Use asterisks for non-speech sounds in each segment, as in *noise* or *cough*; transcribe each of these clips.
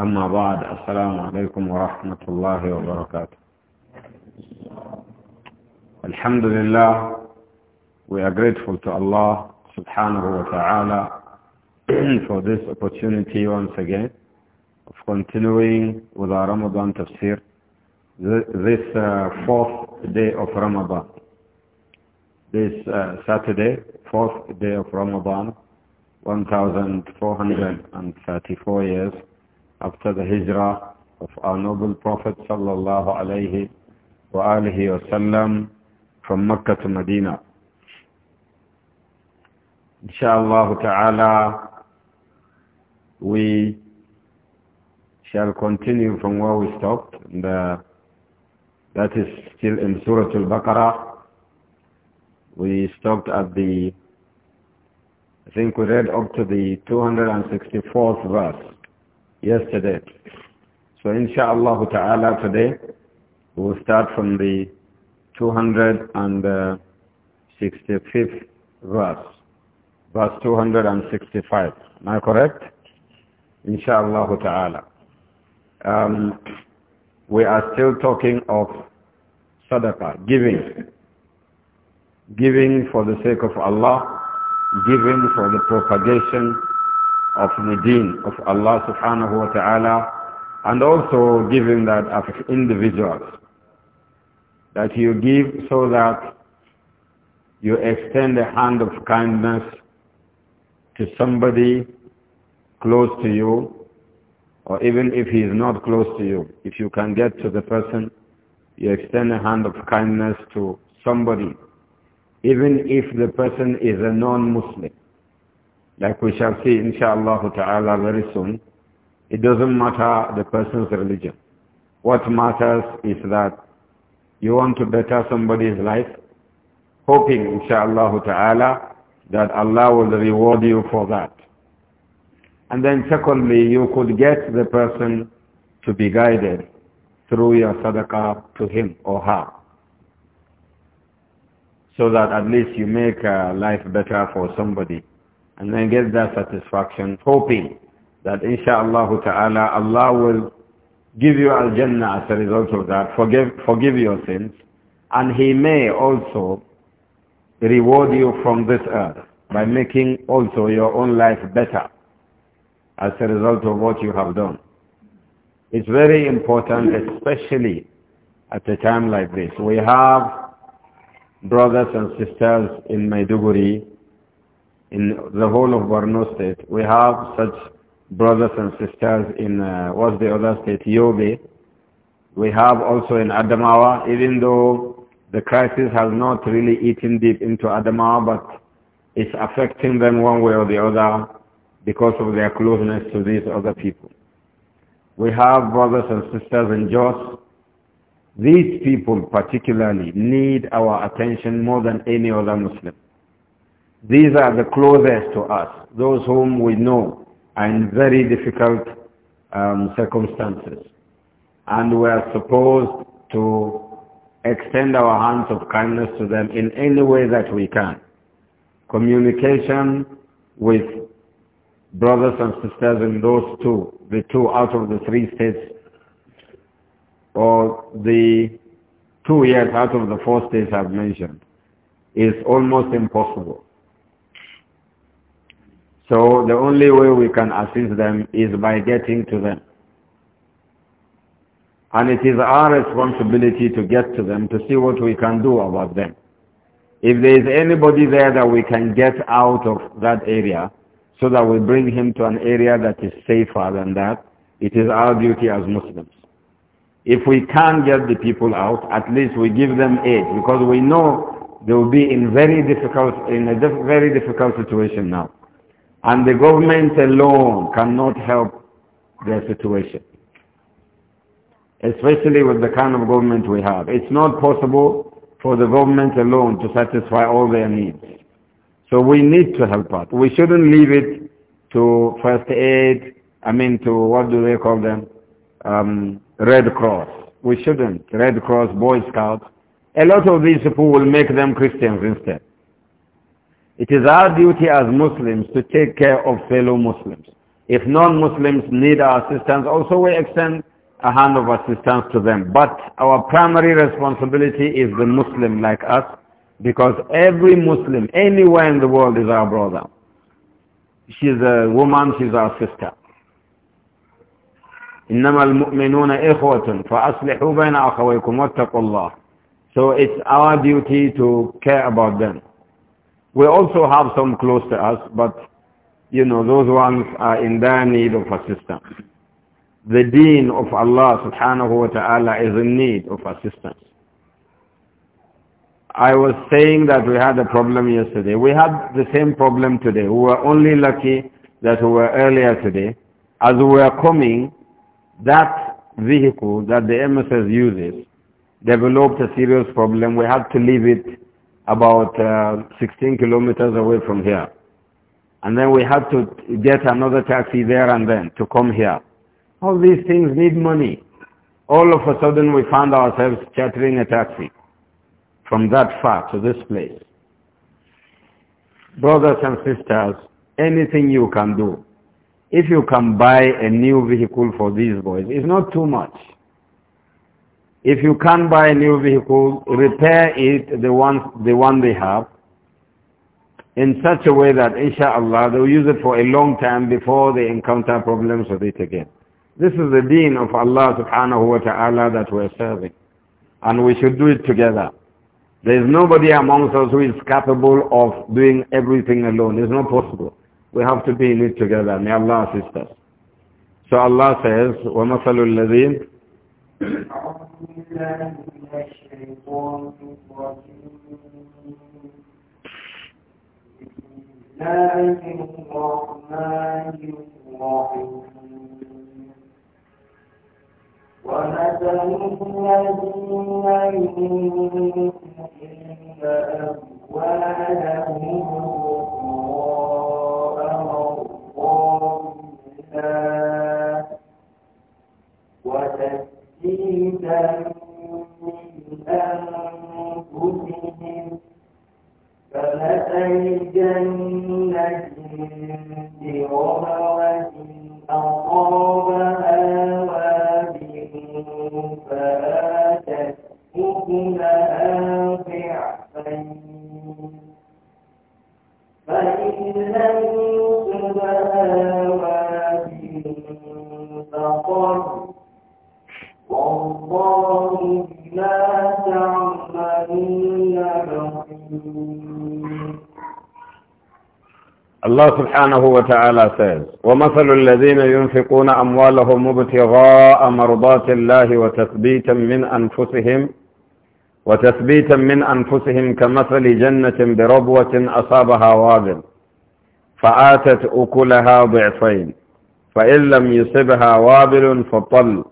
أما بعد السلام عليكم ورحمة الله وبركاته الحمد لله we are grateful to Allah subhanahu wa ta'ala for this opportunity once again of continuing with our Ramadan tafsir this uh, fourth day of Ramadan this uh, Saturday fourth day of Ramadan 1434 years after the hijrah of our noble Prophet sallallahu alayhi wa alihi wasallam from Mecca to Medina. Inshallah ta'ala, we shall continue from where we stopped. And, uh, that is still in Surah Al-Baqarah. We stopped at the, I think we read up to the 264th verse yesterday. So insha'Allah ta'ala today we will start from the 265th verse, verse 265. Am I correct? Insha'Allah ta'ala. Um, we are still talking of sadaqah, giving. Giving for the sake of Allah, giving for the propagation of the deen of Allah subhanahu wa ta'ala and also giving that of individuals that you give so that you extend a hand of kindness to somebody close to you or even if he is not close to you if you can get to the person you extend a hand of kindness to somebody even if the person is a non-muslim like we shall see, inshallah ta'ala, very soon, it doesn't matter the person's religion. What matters is that you want to better somebody's life, hoping, inshallah ta'ala, that Allah will reward you for that. And then secondly, you could get the person to be guided through your sadaqah to him or her. So that at least you make life better for somebody and then get that satisfaction, hoping that insha'Allah ta'ala, Allah will give you al-Jannah as a result of that, forgive, forgive your sins, and He may also reward you from this earth by making also your own life better as a result of what you have done. It's very important, especially at a time like this. We have brothers and sisters in Maiduguri in the whole of Borno state. We have such brothers and sisters in, uh, what's the other state, Yobe. We have also in Adamawa, even though the crisis has not really eaten deep into Adamawa, but it's affecting them one way or the other because of their closeness to these other people. We have brothers and sisters in Jos. These people particularly need our attention more than any other Muslim. These are the closest to us, those whom we know are in very difficult um, circumstances. And we are supposed to extend our hands of kindness to them in any way that we can. Communication with brothers and sisters in those two, the two out of the three states, or the two years out of the four states I've mentioned, is almost impossible. So the only way we can assist them is by getting to them. And it is our responsibility to get to them to see what we can do about them. If there is anybody there that we can get out of that area so that we bring him to an area that is safer than that, it is our duty as Muslims. If we can't get the people out, at least we give them aid because we know they will be in very difficult, in a diff very difficult situation now. And the government alone cannot help their situation. Especially with the kind of government we have. It's not possible for the government alone to satisfy all their needs. So we need to help out. We shouldn't leave it to first aid, I mean to, what do they call them? Um, Red Cross. We shouldn't. Red Cross, Boy Scouts. A lot of these people will make them Christians instead. It is our duty as Muslims to take care of fellow Muslims. If non-Muslims need our assistance, also we extend a hand of assistance to them. But our primary responsibility is the Muslim like us, because every Muslim anywhere in the world is our brother. She's a woman, she's our sister. إنما المؤمنون إخوة فأصلحوا بين أخويكم واتقوا الله. So it's our duty to care about them. We also have some close to us, but you know, those ones are in dire need of assistance. The deen of Allah subhanahu wa ta'ala is in need of assistance. I was saying that we had a problem yesterday. We had the same problem today. We were only lucky that we were earlier today. As we were coming, that vehicle that the MSS uses developed a serious problem. We had to leave it about uh, 16 kilometers away from here. And then we had to get another taxi there and then to come here. All these things need money. All of a sudden we found ourselves chartering a taxi from that far to this place. Brothers and sisters, anything you can do, if you can buy a new vehicle for these boys, it's not too much. If you can't buy a new vehicle, repair it, the one, the one they have, in such a way that inshallah they'll use it for a long time before they encounter problems with it again. This is the deen of Allah subhanahu wa ta'ala that we're serving. And we should do it together. There is nobody amongst us who is capable of doing everything alone. It's not possible. We have to be in it together. May Allah assist us. So Allah says, وَمَثَلُ الَّذِينَ أعوذ بالله من الشيطان الرجيم بسم الله الرحمن الرحيم ومثل الذين ينفقون أموالهم ابتغاء مرضات الله تيتا من أنفسهم فمثل جنة بغرة أصابها وابل فآتت أكلها ضعفين فإن لم الله سبحانه وتعالى says, وَمَثَلُ الَّذِينَ يُنْفِقُونَ أَمْوَالَهُمْ مُبْتِغَاءَ مَرْضَاتِ اللَّهِ وَتَثْبِيتًا مِنْ أَنفُسِهِمْ وتثبيتا من أنفسهم كمثل جنة بربوة أصابها وابل فآتت أكلها ضعفين فإن لم يصبها وابل فطل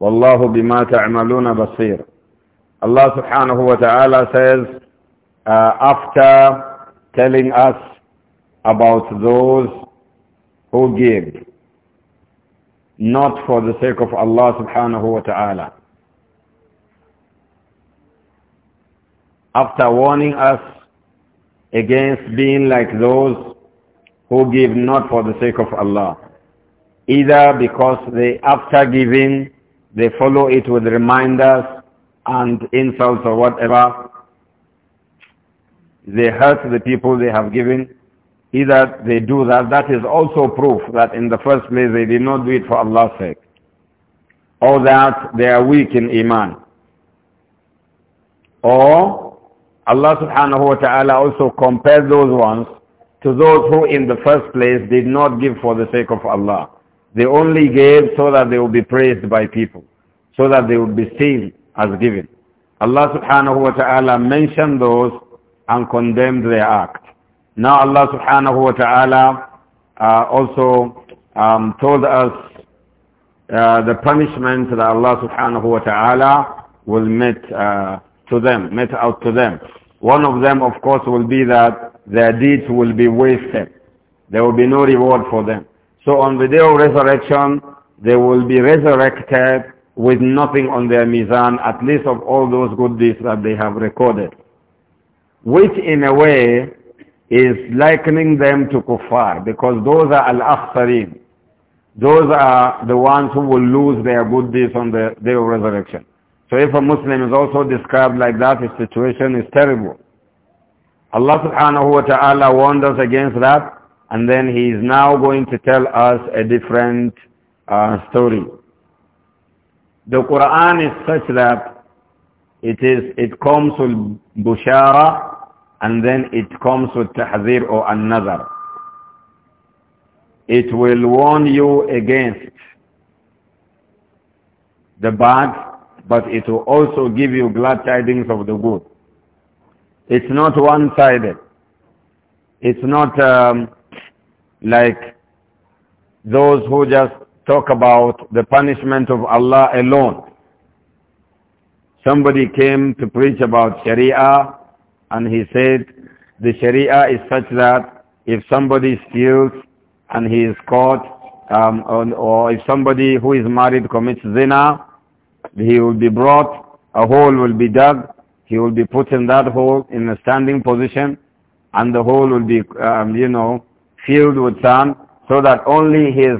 والله بما تعملون بصير الله سبحانه وتعالى says uh, after telling us about those who give not for the sake of Allah subhanahu wa ta'ala. After warning us against being like those who give not for the sake of Allah, either because they after giving, they follow it with reminders and insults or whatever, they hurt the people they have given, Either they do that, that is also proof that in the first place they did not do it for Allah's sake. Or that they are weak in Iman. Or Allah subhanahu wa ta'ala also compares those ones to those who in the first place did not give for the sake of Allah. They only gave so that they would be praised by people, so that they would be seen as giving. Allah subhanahu wa ta'ala mentioned those and condemned their act. Now Allah subhanahu wa ta'ala uh, also um, told us uh, the punishment that Allah subhanahu wa ta'ala will met uh, to them, met out to them. One of them, of course, will be that their deeds will be wasted. There will be no reward for them. So on the day of resurrection, they will be resurrected with nothing on their mizan, at least of all those good deeds that they have recorded. Which in a way is likening them to kuffar because those are al-akhsarin. Those are the ones who will lose their good deeds on the day of resurrection. So if a Muslim is also described like that, his situation is terrible. Allah subhanahu wa ta'ala warned us against that and then he is now going to tell us a different uh, story. The Quran is such that it is it comes with bushara and then it comes with tahzir or another. It will warn you against the bad, but it will also give you glad tidings of the good. It's not one-sided. It's not um, like those who just talk about the punishment of Allah alone. Somebody came to preach about Sharia and he said the Sharia is such that if somebody steals and he is caught um, or, or if somebody who is married commits zina, he will be brought, a hole will be dug, he will be put in that hole in a standing position and the hole will be, um, you know, filled with sand so that only his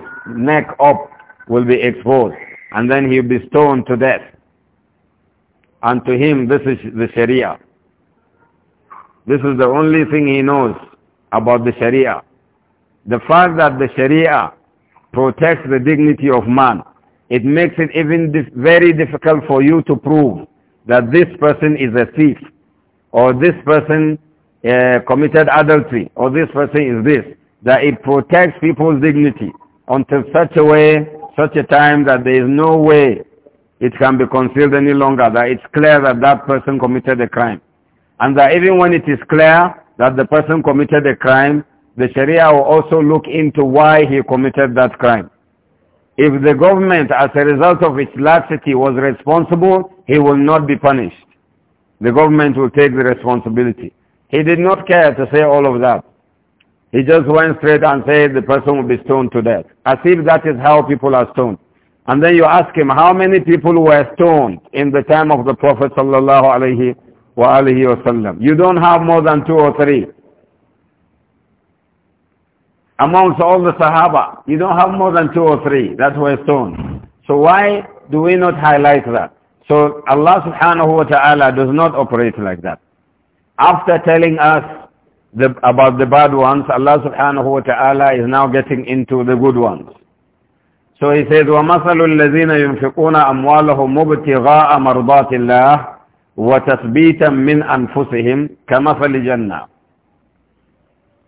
neck up will be exposed and then he will be stoned to death. And to him this is the Sharia. This is the only thing he knows about the Sharia. The fact that the Sharia protects the dignity of man, it makes it even dif very difficult for you to prove that this person is a thief, or this person uh, committed adultery, or this person is this. That it protects people's dignity until such a way, such a time that there is no way it can be concealed any longer, that it's clear that that person committed a crime. And that even when it is clear that the person committed a crime, the Sharia will also look into why he committed that crime. If the government, as a result of its laxity, was responsible, he will not be punished. The government will take the responsibility. He did not care to say all of that. He just went straight and said the person will be stoned to death, as if that is how people are stoned. And then you ask him, how many people were stoned in the time of the Prophet sallallahu wa alihi You don't have more than two or three. Amongst all the Sahaba, you don't have more than two or three. That's why stone. So why do we not highlight that? So Allah subhanahu wa ta'ala does not operate like that. After telling us the, about the bad ones, Allah subhanahu wa ta'ala is now getting into the good ones. So he says, وَمَثَلُ الَّذِينَ يُنْفِقُونَ أَمْوَالَهُمْ مُبْتِغَاءَ مَرْضَاتِ اللَّهِ وتثبيتا من أنفسهم كمثل جنة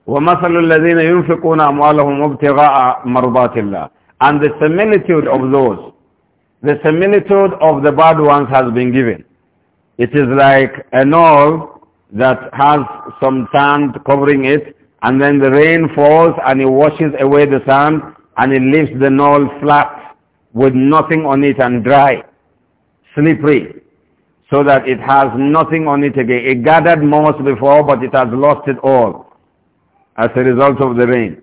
ومثل الذين ينفقون أموالهم مرضات الله and the similitude of those the similitude of the bad ones has been given it is like a knoll that has some sand covering it and then the rain falls and it washes away the sand and it leaves the knoll flat with nothing on it and dry, slippery so that it has nothing on it again. It gathered moss before, but it has lost it all as a result of the rain.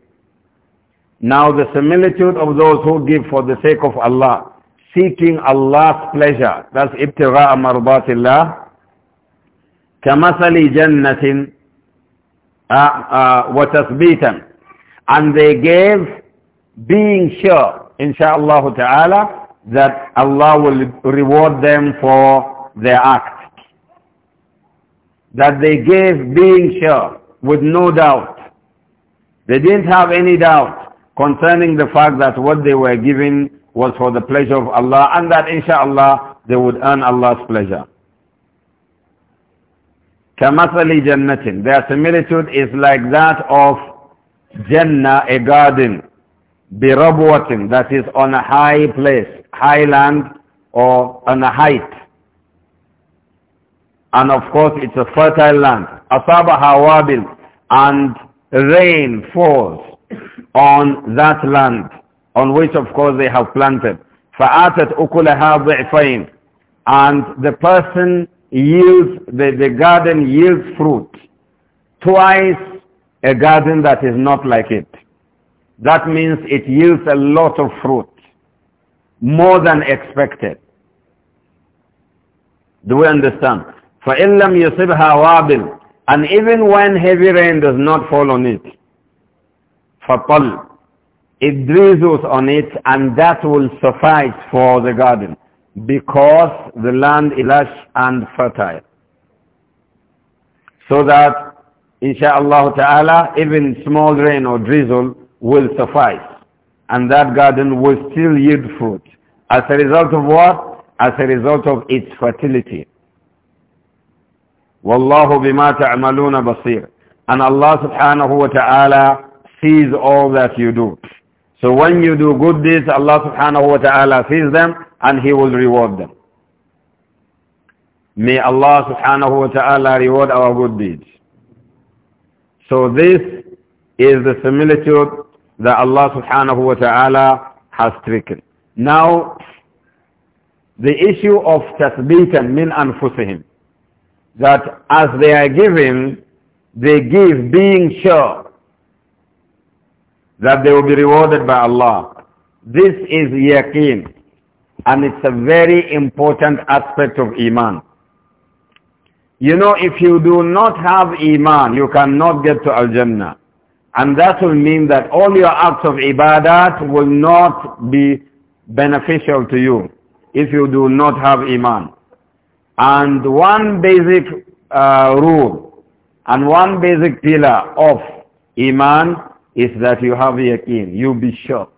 Now the similitude of those who give for the sake of Allah, seeking Allah's pleasure, that's ibtigha'a marbatillah, what has uh, uh, beaten, And they gave being sure, inshaAllah ta'ala, that Allah will reward them for their act. That they gave being sure, with no doubt. They didn't have any doubt concerning the fact that what they were giving was for the pleasure of Allah and that inshallah they would earn Allah's pleasure. كَمَثَلِ جَنَّةٍ Their similitude is like that of Jannah, a garden, بِرَبْوَةٍ That is on a high place, high land or on a height and of course it's a fertile land. Asabaha wabil, and rain falls on that land, on which of course they have planted. فَآتَتْ أُكُلَهَا ضِعْفَيْنِ And the person yields, the, the garden yields fruit. Twice a garden that is not like it. That means it yields a lot of fruit. More than expected. Do we understand? فَإِنْ لَمْ يُصِبْهَا وَابِلٌ And even when heavy rain does not fall on it, فَطَلْ It drizzles on it and that will suffice for the garden because the land is lush and fertile. So that, inshaAllah ta'ala, even small rain or drizzle will suffice. And that garden will still yield fruit. As a result of what? As a result of its fertility. Wallahu bima ta'maluna basir. And Allah subhanahu wa ta'ala sees all that you do. So when you do good deeds, Allah subhanahu wa ta'ala sees them and He will reward them. May Allah subhanahu wa ta'ala reward our good deeds. So this is the similitude that Allah subhanahu wa ta'ala has taken. Now, the issue of tasbeetan min anfusihim that as they are giving, they give being sure that they will be rewarded by Allah. This is yaqeen and it's a very important aspect of Iman. You know, if you do not have Iman, you cannot get to Al-Jannah. And that will mean that all your acts of ibadat will not be beneficial to you if you do not have Iman and one basic uh, rule and one basic pillar of Iman is that you have yaqeen, you be sure.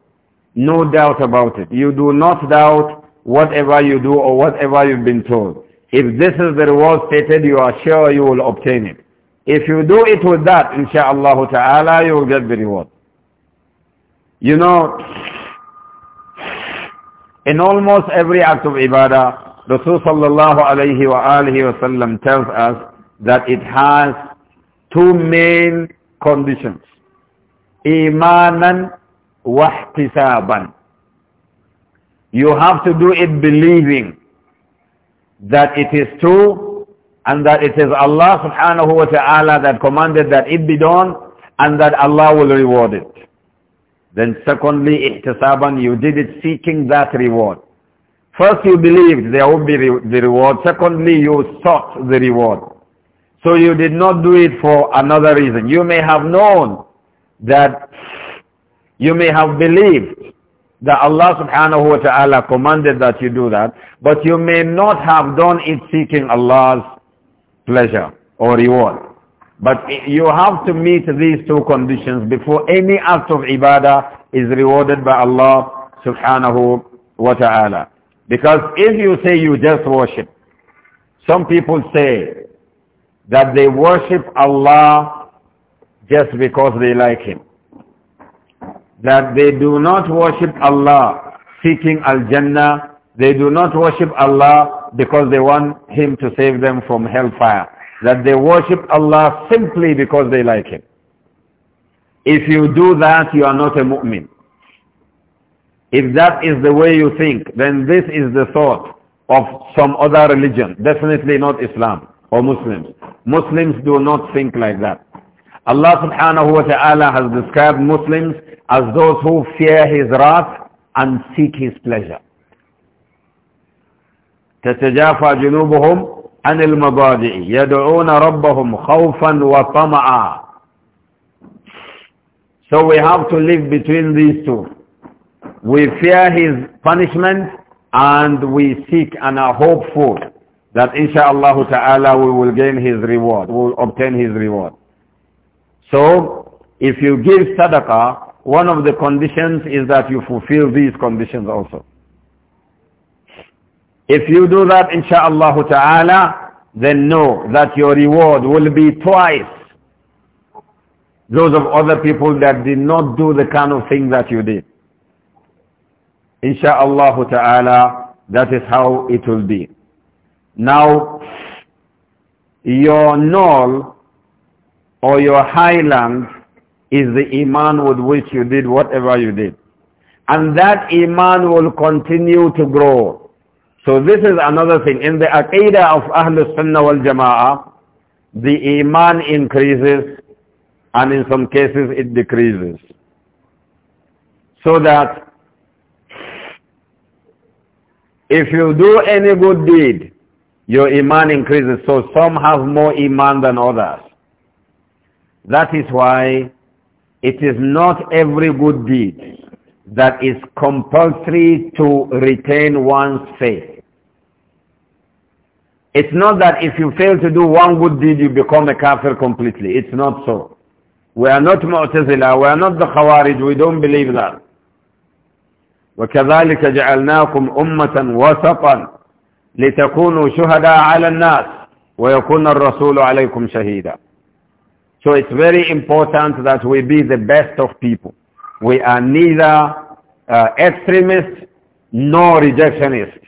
No doubt about it. You do not doubt whatever you do or whatever you've been told. If this is the reward stated, you are sure you will obtain it. If you do it with that, insha'Allah ta'ala, you will get the reward. You know, in almost every act of ibadah, Rasul sallallahu alayhi wa alihi wa sallam tells us that it has two main conditions. Imanan wa ihtisaban. You have to do it believing that it is true and that it is Allah subhanahu wa ta'ala that commanded that it be done and that Allah will reward it. Then secondly, ihtisaban, you did it seeking that reward. First you believed there would be re the reward. Secondly, you sought the reward. So you did not do it for another reason. You may have known that you may have believed that Allah subhanahu wa ta'ala commanded that you do that, but you may not have done it seeking Allah's pleasure or reward. But you have to meet these two conditions before any act of ibadah is rewarded by Allah subhanahu wa ta'ala. Because if you say you just worship, some people say that they worship Allah just because they like Him. That they do not worship Allah seeking Al-Jannah. They do not worship Allah because they want Him to save them from hellfire. That they worship Allah simply because they like Him. If you do that, you are not a mu'min. If that is the way you think, then this is the thought of some other religion, definitely not Islam or Muslims. Muslims do not think like that. Allah subhanahu wa ta'ala has described Muslims as those who fear His wrath and seek His pleasure. جنوبهم عن المضاجع يدعون ربهم خوفا وطمعا So we have to live between these two. We fear his punishment and we seek and are hopeful that insha'Allah ta'ala we will gain his reward, we will obtain his reward. So, if you give sadaqah, one of the conditions is that you fulfill these conditions also. If you do that insha'Allah ta'ala, then know that your reward will be twice those of other people that did not do the kind of thing that you did. Insha'Allah ta'ala, that is how it will be. Now, your null or your highland is the iman with which you did whatever you did. And that iman will continue to grow. So this is another thing. In the aqidah of Ahlul Sunnah wal Jama'ah, the iman increases and in some cases it decreases. So that if you do any good deed, your iman increases. So some have more iman than others. That is why it is not every good deed that is compulsory to retain one's faith. It's not that if you fail to do one good deed, you become a kafir completely. It's not so. We are not Mu'tazila. We are not the Khawarij. We don't believe that. وكذلك جعلناكم أمة وسطا لتكونوا شهداء على الناس ويكون الرسول عليكم شهيدا So it's very important that we be the best of people. We are neither uh, extremists nor rejectionists.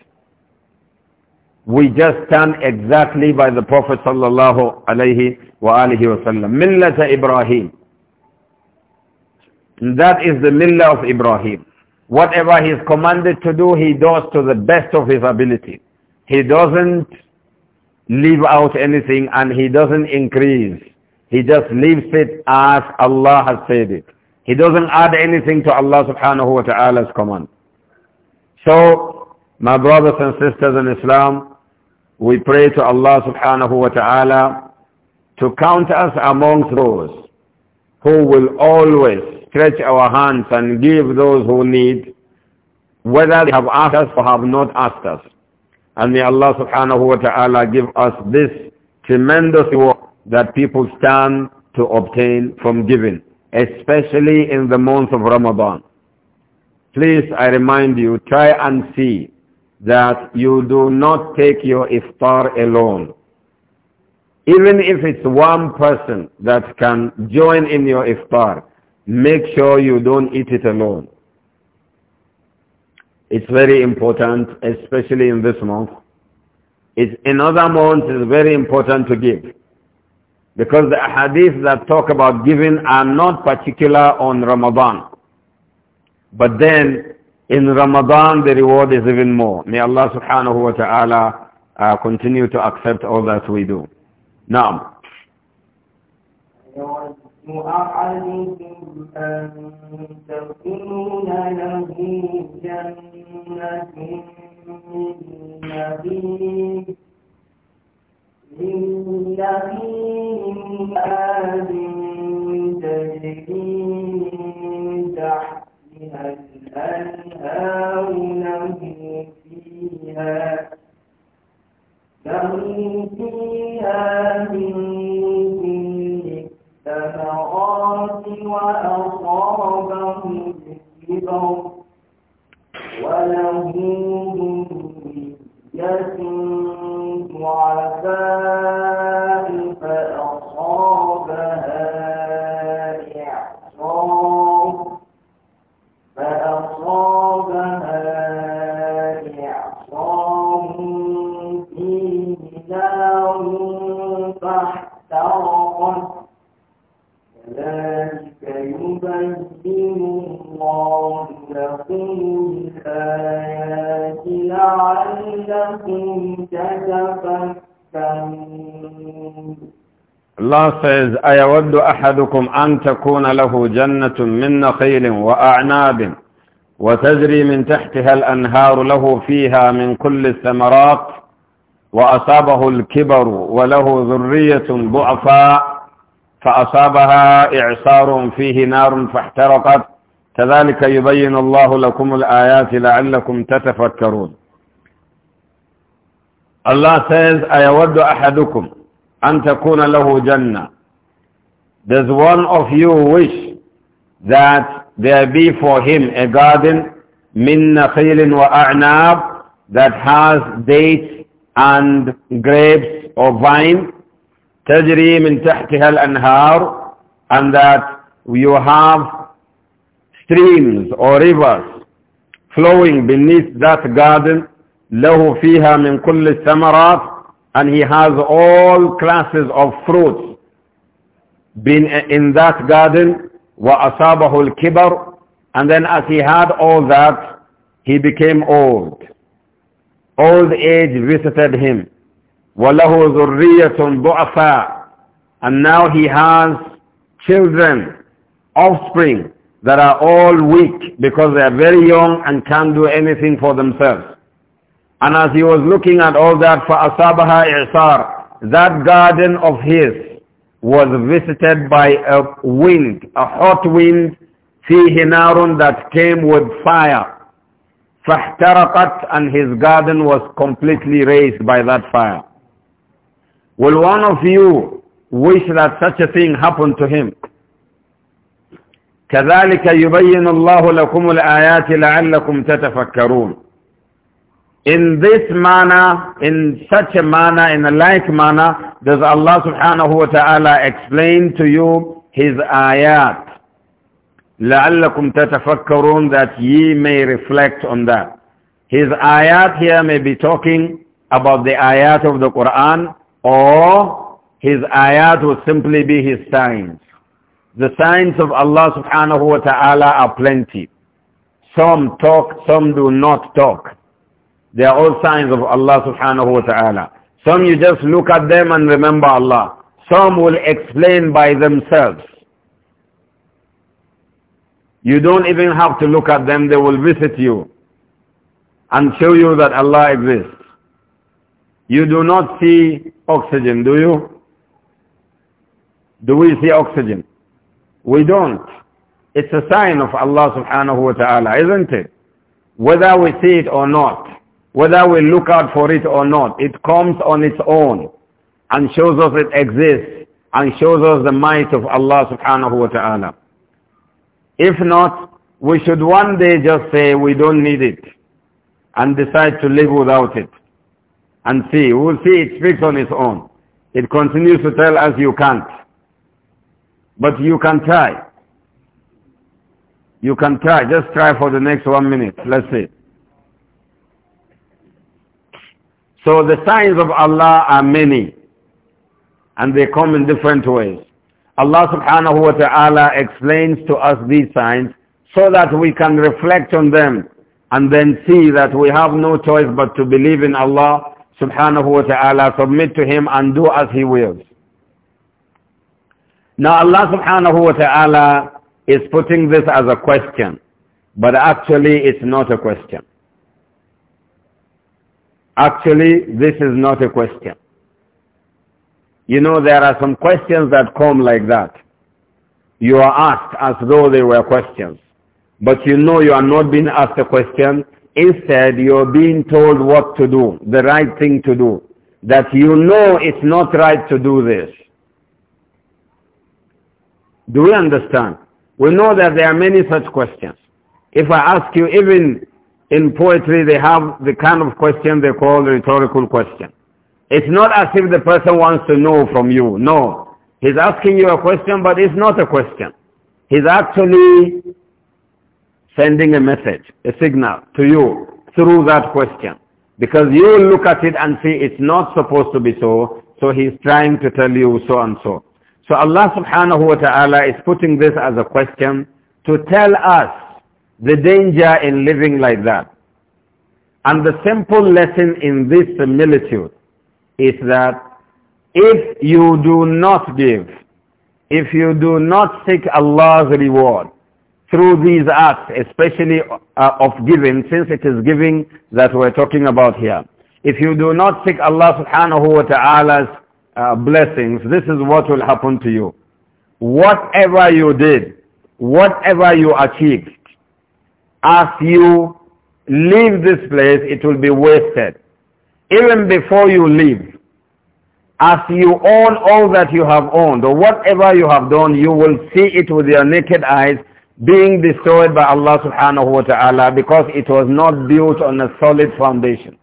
We just stand exactly by the Prophet sallallahu alayhi wa alihi wa sallam. Millata Ibrahim. That is the millah of Ibrahim. Whatever he is commanded to do, he does to the best of his ability. He doesn't leave out anything and he doesn't increase. He just leaves it as Allah has said it. He doesn't add anything to Allah subhanahu wa ta'ala's command. So, my brothers and sisters in Islam, we pray to Allah subhanahu wa ta'ala to count us amongst those who will always stretch our hands and give those who need, whether they have asked us or have not asked us. And may Allah subhanahu wa ta'ala give us this tremendous reward that people stand to obtain from giving, especially in the month of Ramadan. Please, I remind you, try and see that you do not take your iftar alone. Even if it's one person that can join in your iftar, make sure you don't eat it alone. It's very important, especially in this month. It's, in other months, it's very important to give. Because the hadiths that talk about giving are not particular on Ramadan. But then, in Ramadan, the reward is even more. May Allah subhanahu wa ta'ala uh, continue to accept all that we do. Now. أحدكم أن تكون له جنة من نبيل من آد تجري من تحتها الأنهار له فيها له فيها من الثمرات وأصابه الكبر وله ذرية ضعفاء الله لكم الآيات لعلكم تتفكرون الله says, أَيَوَدُّ أَحَدُكُمْ أَن تَكُونَ لَهُ جَنَّةٌ مِّن نَخِيلٍ وَأَعْنَابٍ وتجري من تحتها الأنهار له فيها من كل الثمرات وأصابه الكبر وله ذرية ضعفاء فأصابها إعصار فيه نار فاحترقت كذلك يبين الله لكم الآيات لعلكم تتفكرون Allah says, أَيَوَدُّ أَحَدُكُمْ أَن تَكُونَ لَهُ جَنَّةً Does one of you wish that there be for him a garden مِن نَخِيلٍ وَأَعْنَابٍ that has dates and grapes or vine تَجْرِي مِن تَحْتِهَا الْأَنْهَارُ and that you have streams or rivers flowing beneath that garden and he has all classes of fruits been in that garden وأصابه kibar and then as he had all that he became old old age visited him وله ذرية ضعفاء and now he has children offspring that are all weak because they are very young and can't do anything for themselves. And as he was looking at all that, فَأَصَابَهَا إِعْصَارٌ That garden of his was visited by a wind, a hot wind, فِيهِ نَارٌ that came with fire. فَاحْتَرَقَتْ And his garden was completely razed by that fire. Will one of you wish that such a thing happened to him? كذلك يبين الله لكم الآيات لعلكم تتفكرون in this manner, in such a manner, in a like manner, does Allah subhanahu wa ta'ala explain to you His ayat. لَعَلَّكُمْ تَتَفَكَّرُونَ That ye may reflect on that. His ayat here may be talking about the ayat of the Quran or his ayat will simply be his signs. The signs of Allah subhanahu wa ta'ala are plenty. Some talk, some do not talk. They are all signs of Allah subhanahu wa ta'ala. Some you just look at them and remember Allah. Some will explain by themselves. You don't even have to look at them. They will visit you and show you that Allah exists. You do not see oxygen, do you? Do we see oxygen? We don't. It's a sign of Allah subhanahu wa ta'ala, isn't it? Whether we see it or not, whether we look out for it or not, it comes on its own and shows us it exists and shows us the might of Allah subhanahu wa ta'ala. If not, we should one day just say we don't need it and decide to live without it and see. We'll see it speaks on its own. It continues to tell us you can't. But you can try. You can try. Just try for the next one minute. Let's see. So the signs of Allah are many. And they come in different ways. Allah subhanahu wa ta'ala explains to us these signs so that we can reflect on them and then see that we have no choice but to believe in Allah subhanahu wa ta'ala, submit to him and do as he wills. Now Allah subhanahu wa ta'ala is putting this as a question, but actually it's not a question. Actually, this is not a question. You know, there are some questions that come like that. You are asked as though they were questions. But you know you are not being asked a question. Instead, you are being told what to do, the right thing to do. That you know it's not right to do this. Do we understand? We know that there are many such questions. If I ask you, even in poetry, they have the kind of question they call the rhetorical question. It's not as if the person wants to know from you. No. He's asking you a question, but it's not a question. He's actually sending a message, a signal to you through that question. Because you look at it and see it's not supposed to be so, so he's trying to tell you so and so. So Allah subhanahu wa ta'ala is putting this as a question to tell us the danger in living like that. And the simple lesson in this similitude is that if you do not give, if you do not seek Allah's reward through these acts, especially uh, of giving, since it is giving that we're talking about here, if you do not seek Allah subhanahu wa ta'ala's uh, blessings, this is what will happen to you. Whatever you did, whatever you achieved, as you leave this place, it will be wasted. Even before you leave, as you own all that you have owned, or whatever you have done, you will see it with your naked eyes being destroyed by Allah subhanahu wa ta'ala because it was not built on a solid foundation.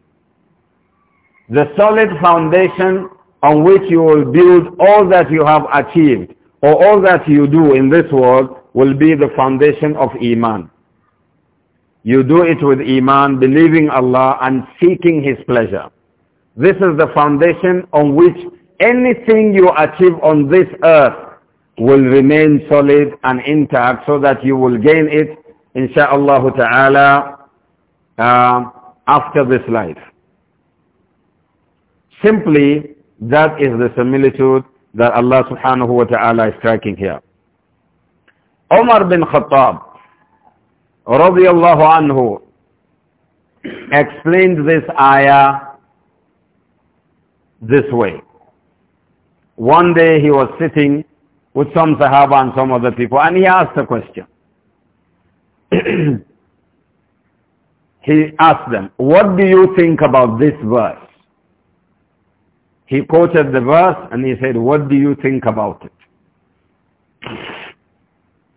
The solid foundation on which you will build all that you have achieved or all that you do in this world will be the foundation of Iman. You do it with Iman, believing Allah and seeking His pleasure. This is the foundation on which anything you achieve on this earth will remain solid and intact so that you will gain it, insha'Allah ta'ala, uh, after this life. Simply that is the similitude that Allah subhanahu wa ta'ala is striking here. Umar bin Khattab radiallahu anhu explained this ayah this way. One day he was sitting with some Sahaba and some other people and he asked a question. *clears throat* he asked them, what do you think about this verse? He quoted the verse and he said, what do you think about it?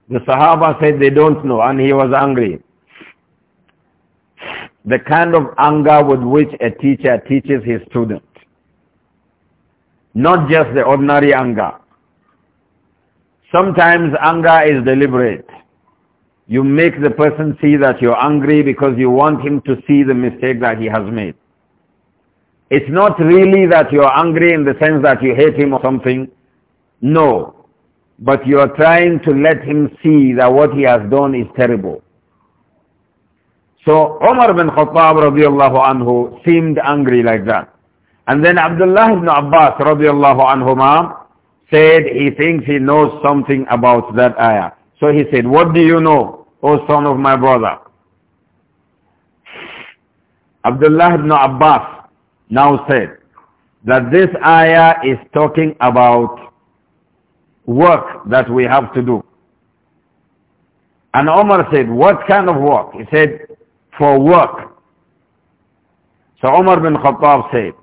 The Sahaba said they don't know and he was angry. The kind of anger with which a teacher teaches his student. Not just the ordinary anger. Sometimes anger is deliberate. You make the person see that you're angry because you want him to see the mistake that he has made. It's not really that you're angry in the sense that you hate him or something. No. But you're trying to let him see that what he has done is terrible. So Umar bin Khattab radiallahu anhu seemed angry like that. And then Abdullah ibn Abbas radiallahu anhuma said he thinks he knows something about that ayah. So he said, what do you know, O son of my brother? Abdullah ibn Abbas now said that this ayah is talking about work that we have to do. And Omar said, what kind of work? He said, for work. So Omar bin Khattab said,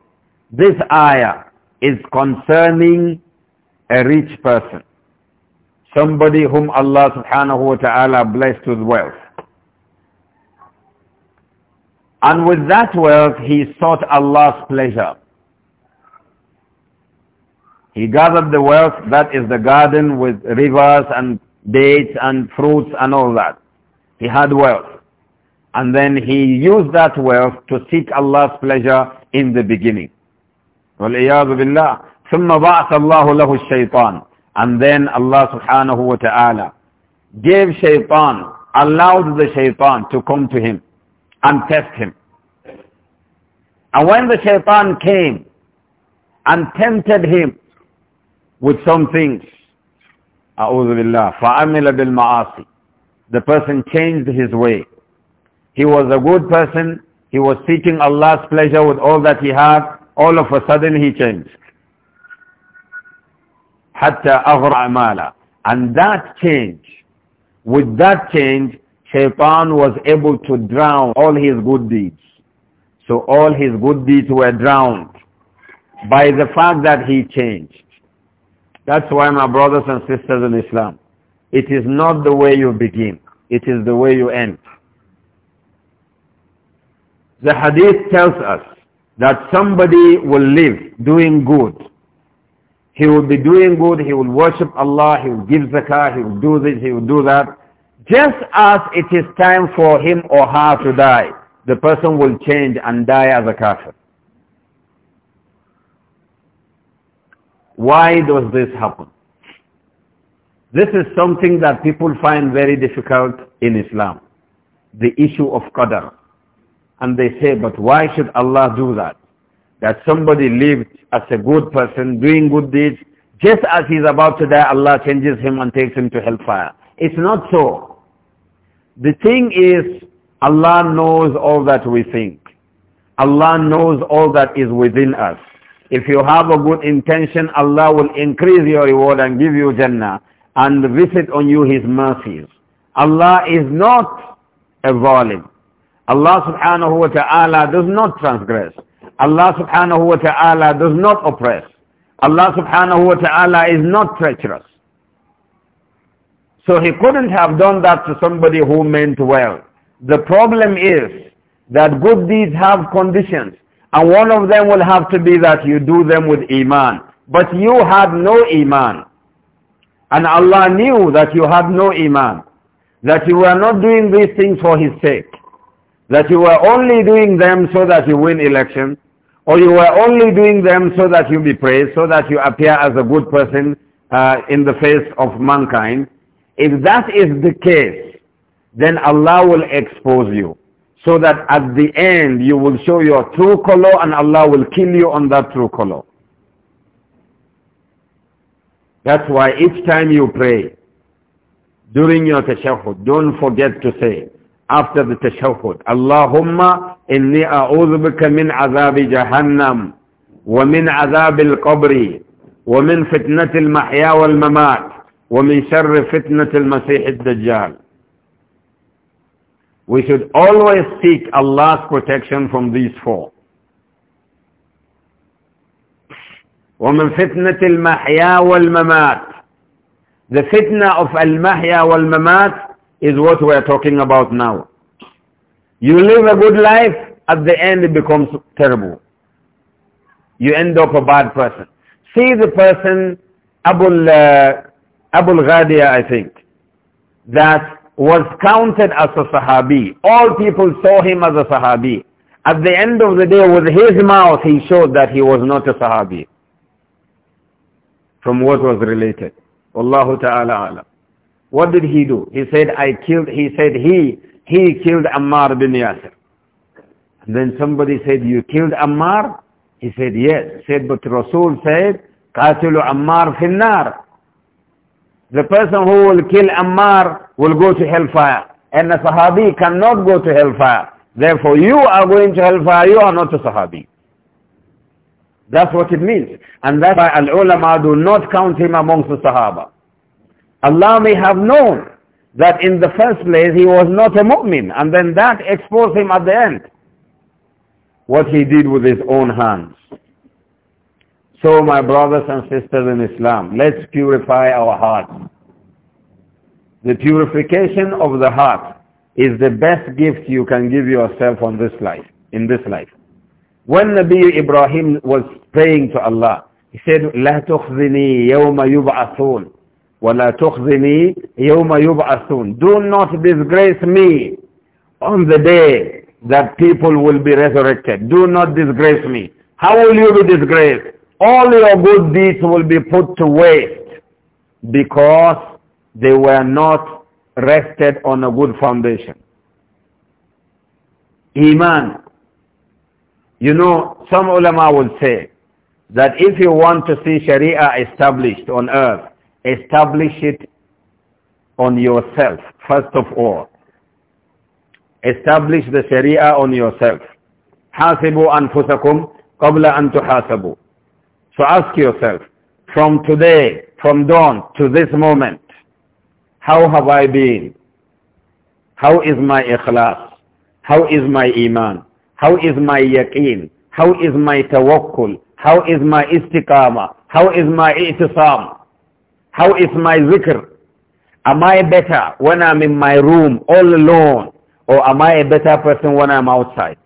this ayah is concerning a rich person, somebody whom Allah subhanahu wa ta'ala blessed with wealth. And with that wealth, he sought Allah's pleasure. He gathered the wealth, that is the garden with rivers and dates and fruits and all that. He had wealth. And then he used that wealth to seek Allah's pleasure in the beginning. بِاللَّهِ ثُمَّ اللَّهُ لَهُ الشَّيْطَانِ And then Allah subhanahu wa ta'ala gave shaitan, allowed the shaitan to come to him and test him. And when the shaitan came and tempted him with some things, أعوذ بالله فَأَمِلَ بِالْمَعَاصِي The person changed his way. He was a good person. He was seeking Allah's pleasure with all that he had. All of a sudden he changed. حَتَّى أَغْرَ عَمَالًا And that change, with that change, Shaitan was able to drown all his good deeds. So all his good deeds were drowned by the fact that he changed. That's why my brothers and sisters in Islam, it is not the way you begin, it is the way you end. The hadith tells us that somebody will live doing good. He will be doing good, he will worship Allah, he will give zakah, he will do this, he will do that, just as it is time for him or her to die, the person will change and die as a kafir. Why does this happen? This is something that people find very difficult in Islam, the issue of qadar. And they say, but why should Allah do that? That somebody lived as a good person, doing good deeds, just as he's about to die, Allah changes him and takes him to hellfire. It's not so. The thing is, Allah knows all that we think. Allah knows all that is within us. If you have a good intention, Allah will increase your reward and give you Jannah and visit on you His mercies. Allah is not a zalim. Allah subhanahu wa ta'ala does not transgress. Allah subhanahu wa ta'ala does not oppress. Allah subhanahu wa ta'ala is not treacherous. So he couldn't have done that to somebody who meant well. The problem is that good deeds have conditions. And one of them will have to be that you do them with Iman. But you had no Iman. And Allah knew that you had no Iman. That you were not doing these things for His sake. That you were only doing them so that you win election. Or you were only doing them so that you be praised, so that you appear as a good person uh, in the face of mankind. If that is the case, then Allah will expose you so that at the end you will show your true color and Allah will kill you on that true color. That's why each time you pray, during your tashahhud, don't forget to say, after the tashahhud, Allahumma inni a'udhubika min azabi jahannam, wa min azabil al-qabri, wa min fitnatil al-mahya wal-mamat, وَمِن شَرِّ فِتْنَةِ الْمَسِيحِ الدَّجَّالِ We should always seek Allah's protection from these four. وَمِن فِتْنَةِ الْمَحْيَا وَالْمَمَاتِ The fitna of al-mahya wal-mamat is what we are talking about now. You live a good life, at the end it becomes terrible. You end up a bad person. See the person, Abu uh, Abul Ghadia, I think, that was counted as a Sahabi. All people saw him as a Sahabi. At the end of the day, with his mouth, he showed that he was not a Sahabi. From what was related. Allahu Ta'ala What did he do? He said, I killed, he said, he, he killed Ammar bin Yasir. And then somebody said, you killed Ammar? He said, yes. He said, but Rasul said, قاتلوا Ammar في النار. The person who will kill Ammar will go to hellfire. And the Sahabi cannot go to hellfire. Therefore, you are going to hellfire, you are not a Sahabi. That's what it means. And that's why al-ulama do not count him amongst the Sahaba. Allah may have known that in the first place he was not a mu'min, and then that exposed him at the end. What he did with his own hands. So my brothers and sisters in Islam, let's purify our hearts. The purification of the heart is the best gift you can give yourself on this life, in this life. When Nabi Ibrahim was praying to Allah, he said, لا تخزني يوم يبعثون ولا تخزني يوم يبعثون Do not disgrace me on the day that people will be resurrected. Do not disgrace me. How will you be disgraced? all your good deeds will be put to waste because they were not rested on a good foundation. Iman. You know, some ulama will say that if you want to see Sharia established on earth, establish it on yourself, first of all. Establish the Sharia on yourself. حاسبوا أنفسكم قبل أن تحاسبوا so ask yourself, from today, from dawn to this moment, how have I been? How is my ikhlas? How is my iman? How is my yaqeen? How is my tawakkul? How is my istiqama? How is my i'tisam? How is my zikr? Am I better when I'm in my room all alone? Or am I a better person when I'm outside?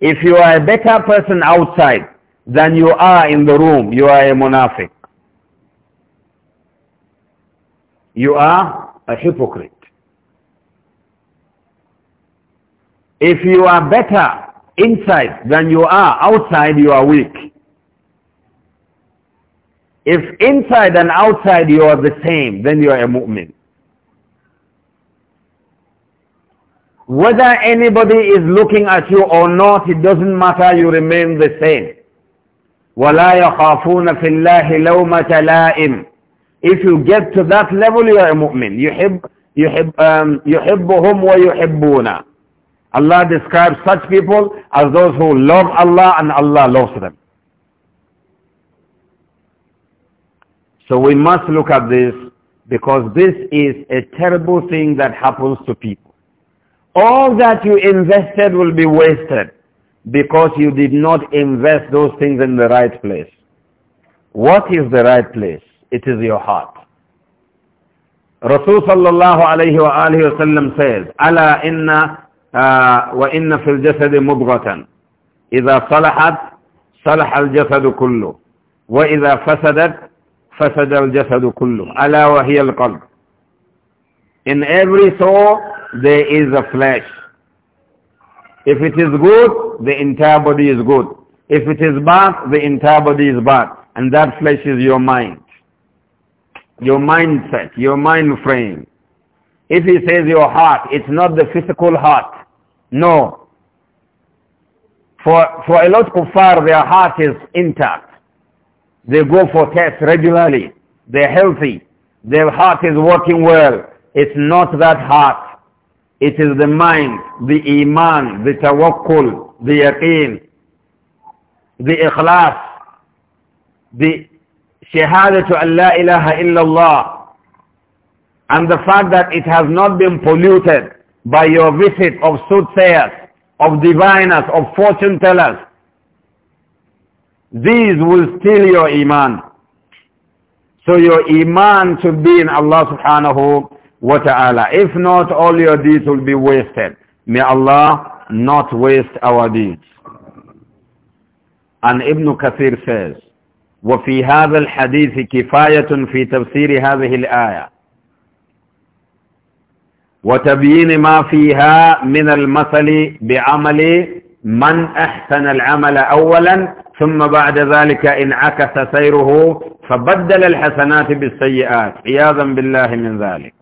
If you are a better person outside, than you are in the room, you are a monastic. You are a hypocrite. If you are better inside than you are outside, you are weak. If inside and outside you are the same, then you are a mu'min. Whether anybody is looking at you or not, it doesn't matter, you remain the same. وَلَا يَخَافُونَ فِي اللَّهِ لَوْمَةَ لَائِمٍ If you get to that level, you are a mu'min. يحب, يحب, um, يحبهم ويحبون. Allah describes such people as those who love Allah and Allah loves them. So we must look at this because this is a terrible thing that happens to people. All that you invested will be wasted because you did not invest those things in the right place. What is the right place? It is your heart. Rasul sallallahu alayhi wa alihi wasallam says, Ala inna uh, wa inna fil jasadi mubghatan. إذا صلحت صلح الجسد كله وإذا فسدت فسد الجسد كله ألا وهي القلب In every soul there is a flesh if it is good, the entire body is good. If it is bad, the entire body is bad. And that flesh is your mind. Your mindset, your mind frame. If he says your heart, it's not the physical heart. No. For, for a lot of kuffar, their heart is intact. They go for tests regularly. They're healthy. Their heart is working well. It's not that heart. It is the mind, the iman, the tawakkul, the yaqeen, the ikhlas, the shahadatu an la ilaha illallah, and the fact that it has not been polluted by your visit of soothsayers, of diviners, of fortune tellers. These will steal your iman. So your iman should be in Allah subhanahu wa ta'ala. If not, all your deeds will be wasted. May Allah not waste our deeds. And Ibn Kathir says, وفي هذا الحديث كفاية في تفسير هذه الآية وتبيين ما فيها من المثل بعمل من أحسن العمل أولا ثم بعد ذلك انعكس سيره فبدل الحسنات بالسيئات عياذا بالله من ذلك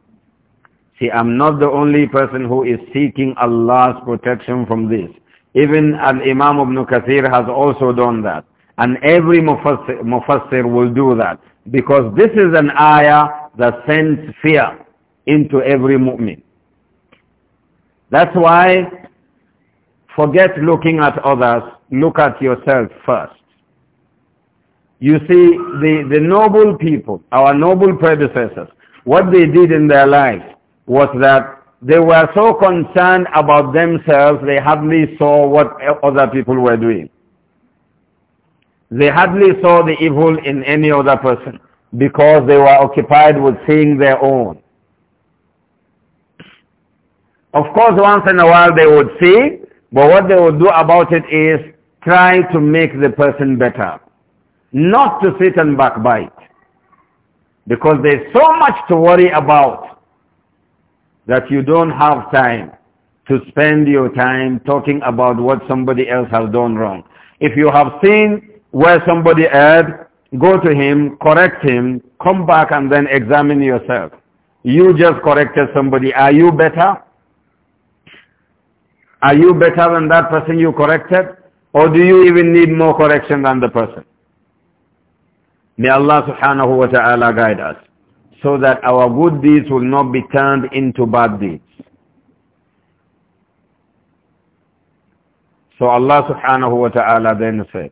See, I'm not the only person who is seeking Allah's protection from this. Even an imam Ibn Kathir has also done that. And every mufassir, mufassir will do that. Because this is an ayah that sends fear into every mu'min. That's why forget looking at others, look at yourself first. You see, the, the noble people, our noble predecessors, what they did in their lives was that they were so concerned about themselves, they hardly saw what other people were doing. They hardly saw the evil in any other person because they were occupied with seeing their own. Of course, once in a while they would see, but what they would do about it is try to make the person better. Not to sit and backbite. Because there's so much to worry about that you don't have time to spend your time talking about what somebody else has done wrong. If you have seen where somebody erred, go to him, correct him, come back and then examine yourself. You just corrected somebody. Are you better? Are you better than that person you corrected? Or do you even need more correction than the person? May Allah subhanahu wa ta'ala guide us so that our good deeds will not be turned into bad deeds. So Allah subhanahu wa ta'ala then said,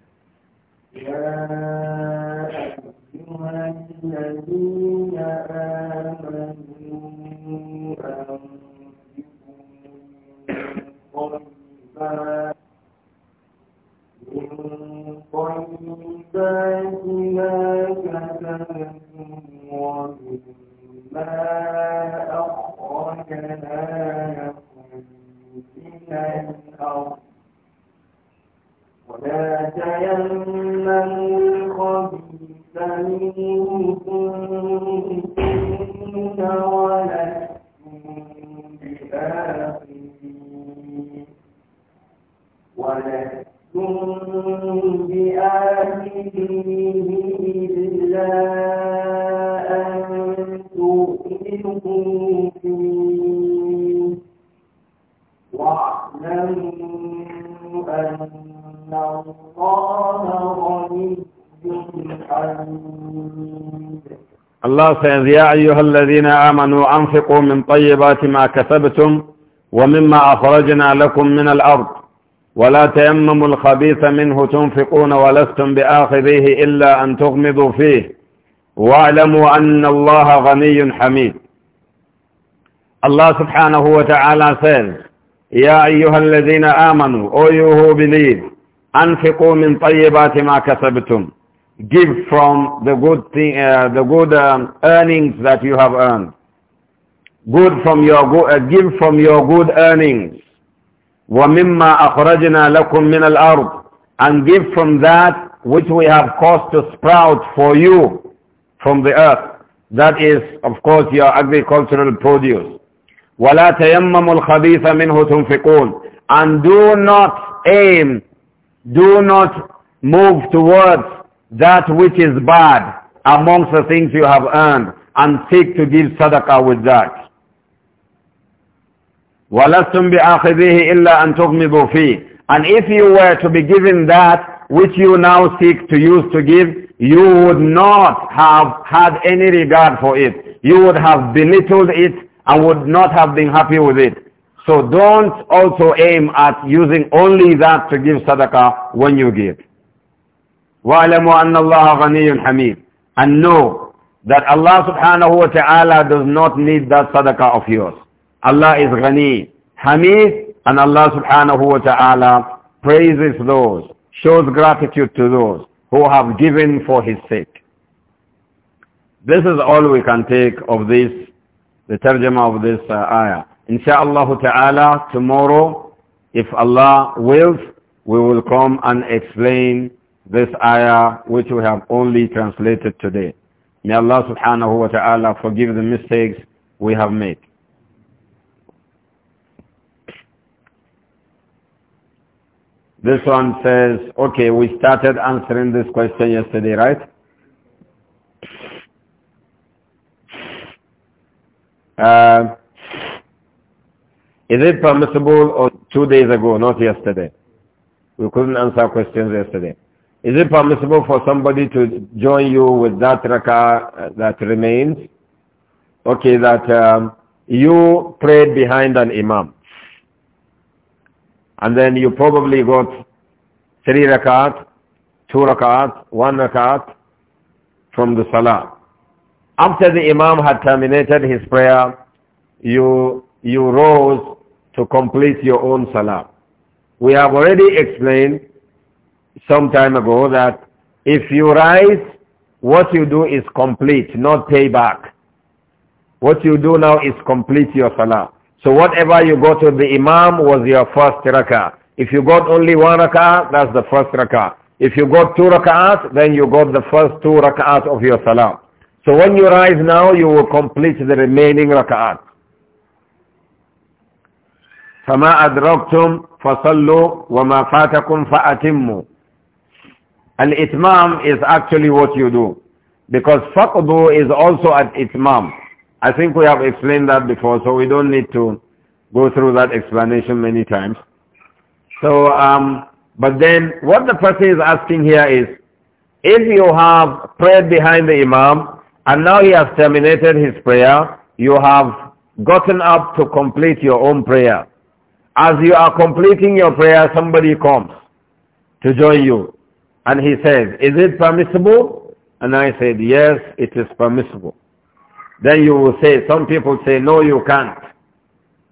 سينزل يا أيها الذين آمنوا أنفقوا من طيبات ما كسبتم ومما أخرجنا لكم من الأرض ولا تيمموا الخبيث منه تنفقون ولستم بآخذيه إلا أن تغمضوا فيه واعلموا أن الله غني حميد الله سبحانه وتعالى سيد يا أيها الذين آمنوا أيوه بليل أنفقوا من طيبات ما كسبتم give from the good thing, uh, the good um, earnings that you have earned. Good from your go uh, give from your good earnings. لَكُم مِّنَ الْأَرْضِ And give from that which we have caused to sprout for you from the earth. That is, of course, your agricultural produce. وَلَا تَيَمَّمُوا الْخَبِيثَ مِنْهُ تُنْفِقُونَ And do not aim, do not move towards that which is bad amongst the things you have earned and seek to give sadaqah with that. وَلَسْتُمْ بِآخِذِهِ إِلَّا أَن تُغْمِضُوا فِيهِ And if you were to be given that which you now seek to use to give, you would not have had any regard for it. You would have belittled it and would not have been happy with it. So don't also aim at using only that to give sadaqah when you give. وَأَلَمُوا أَنَّ اللَّهَ غَنِيٌّ حَمِيدٌ And know that Allah subhanahu wa ta'ala does not need that sadaqah of yours. Allah is Ghani, Hamid, and Allah subhanahu wa ta'ala praises those, shows gratitude to those who have given for His sake. This is all we can take of this, the tarjama of this uh, ayah. Insha'Allah ta'ala, tomorrow, if Allah wills, we will come and explain this ayah which we have only translated today. May Allah subhanahu wa ta'ala forgive the mistakes we have made. This one says, okay, we started answering this question yesterday, right? Uh, is it permissible or two days ago, not yesterday? We couldn't answer questions yesterday. Is it permissible for somebody to join you with that rakah uh, that remains? Okay, that um, you prayed behind an imam. And then you probably got three rakat, two rakat, one rakat from the salah. After the imam had terminated his prayer, you, you rose to complete your own salah. We have already explained some time ago that if you rise, what you do is complete, not pay back. What you do now is complete your salah. So whatever you got with the imam was your first rakah. If you got only one rak'ah, that's the first rak'ah. If you got two rak'ahs, then you got the first two rak'ahs of your salah. So when you rise now, you will complete the remaining rak'ahs. فما أدركتم فصلوا وما فاتكم فأتموا Al-itmam is actually what you do. Because faqdu is also at itmam. I think we have explained that before, so we don't need to go through that explanation many times. So, um, but then what the person is asking here is, if you have prayed behind the imam, and now he has terminated his prayer, you have gotten up to complete your own prayer. As you are completing your prayer, somebody comes to join you. And he says, is it permissible? And I said, yes, it is permissible. Then you will say, some people say, no, you can't.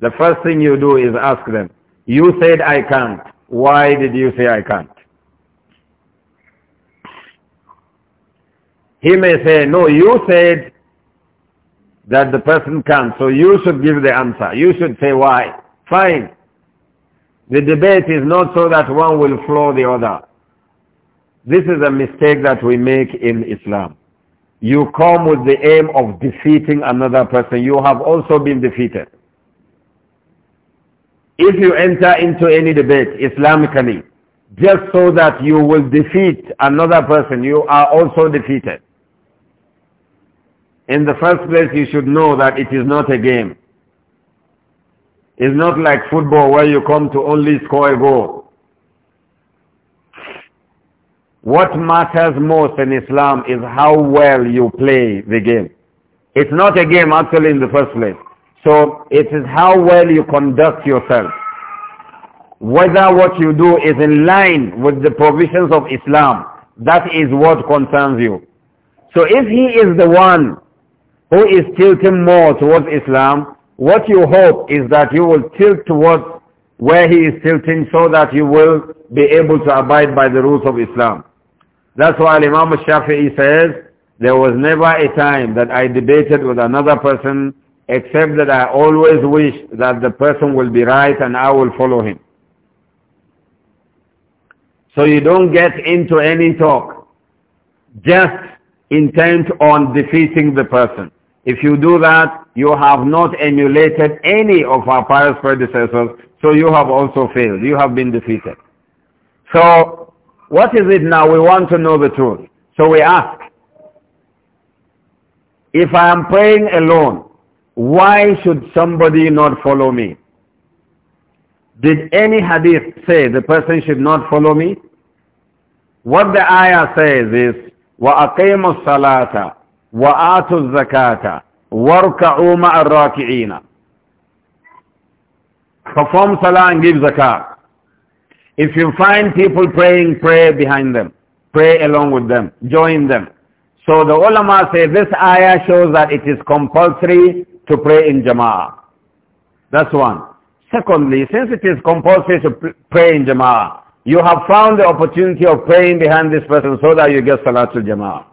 The first thing you do is ask them, you said I can't. Why did you say I can't? He may say, no, you said that the person can't, so you should give the answer. You should say why. Fine. The debate is not so that one will floor the other. This is a mistake that we make in Islam. You come with the aim of defeating another person. You have also been defeated. If you enter into any debate Islamically, just so that you will defeat another person, you are also defeated. In the first place, you should know that it is not a game. It's not like football where you come to only score a goal. What matters most in Islam is how well you play the game. It's not a game actually in the first place. So it is how well you conduct yourself. Whether what you do is in line with the provisions of Islam, that is what concerns you. So if he is the one who is tilting more towards Islam, what you hope is that you will tilt towards where he is tilting so that you will be able to abide by the rules of Islam. That's why Imam Shafi'i says, there was never a time that I debated with another person except that I always wish that the person will be right and I will follow him. So you don't get into any talk. Just intent on defeating the person. If you do that, you have not emulated any of our pious predecessors, so you have also failed. You have been defeated. So what is it now? We want to know the truth. So we ask, if I am praying alone, why should somebody not follow me? Did any hadith say the person should not follow me? What the ayah says is, وَأَقِيمُوا الصَّلَاةَ وَآتُوا الزَّكَاةَ وَارْكَعُوا مَعَ الرَّاكِعِينَ Perform salah and give zakat. If you find people praying, pray behind them. Pray along with them. Join them. So the ulama say this ayah shows that it is compulsory to pray in jama'ah. That's one. Secondly, since it is compulsory to pray in jama'ah, you have found the opportunity of praying behind this person so that you get salatul jama'ah.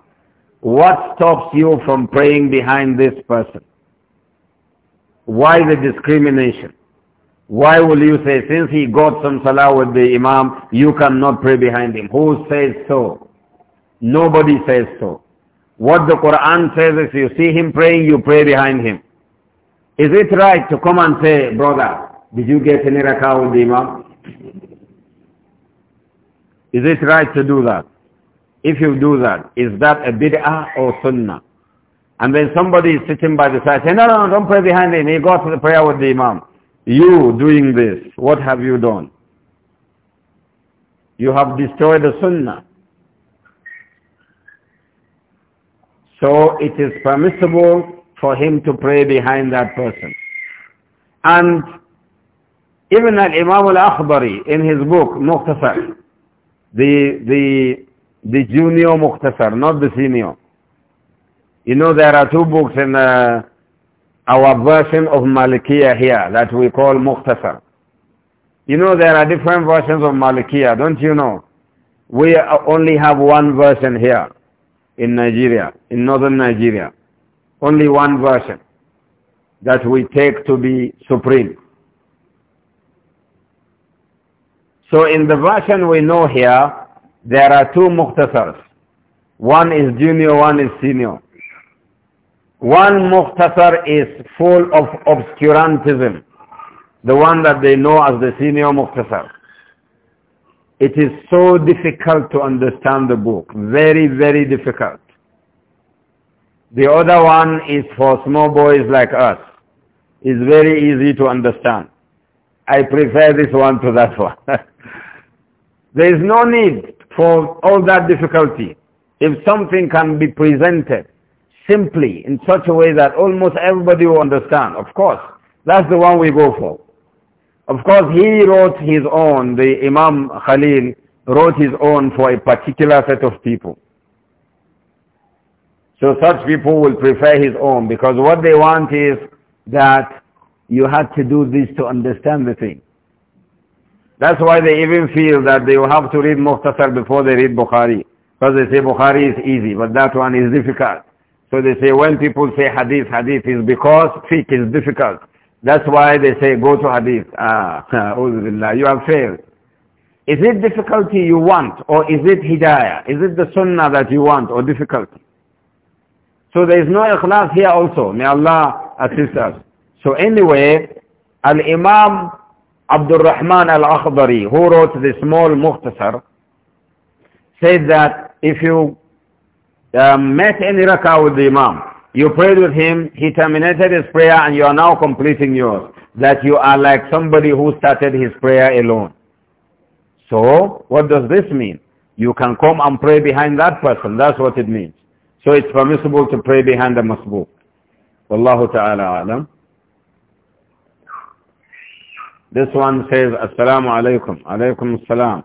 What stops you from praying behind this person? Why the discrimination? Why will you say, since he got some salah with the imam, you cannot pray behind him? Who says so? Nobody says so. What the Quran says is you see him praying, you pray behind him. Is it right to come and say, brother, did you get any rakah with the imam? Is it right to do that? If you do that, is that a bid'ah or sunnah? And then somebody is sitting by the side saying, no, no, no, don't pray behind him. He got to the prayer with the imam. You doing this, what have you done? You have destroyed the sunnah. So it is permissible for him to pray behind that person. And even that imam Al-Akhbari in his book, Muqtasar, the, the, the junior Muqtasar, not the senior. You know there are two books in the uh, our version of Malikiya here that we call Muqtasar. You know there are different versions of Malikiya, don't you know? We only have one version here in Nigeria, in northern Nigeria. Only one version that we take to be supreme. So in the version we know here, there are two muqtasars. One is junior, one is senior. One Mukhtasar is full of obscurantism, the one that they know as the senior Mukhtasar. It is so difficult to understand the book, very, very difficult. The other one is for small boys like us. It's very easy to understand. I prefer this one to that one. *laughs* there is no need for all that difficulty. If something can be presented simply, in such a way that almost everybody will understand. Of course, that's the one we go for. Of course, he wrote his own, the Imam Khalil wrote his own for a particular set of people. So such people will prefer his own because what they want is that you had to do this to understand the thing. That's why they even feel that they will have to read Muhtasar before they read Bukhari. Because they say Bukhari is easy, but that one is difficult. So they say when people say hadith, hadith is because fiqh is difficult. That's why they say go to hadith. Ah, *laughs* you have failed. Is it difficulty you want or is it hidayah? Is it the sunnah that you want or difficulty? So there is no ikhlas here also. May Allah assist us. So anyway, Al-Imam Abdul Rahman Al-Akhdari, who wrote the small muhtasar, said that if you um, met in rakah with the imam. You prayed with him, he terminated his prayer and you are now completing yours. That you are like somebody who started his prayer alone. So, what does this mean? You can come and pray behind that person. That's what it means. So it's permissible to pray behind the masbuk. Wallahu ta'ala alam. This one says, Assalamu alaikum. Alaikum assalam.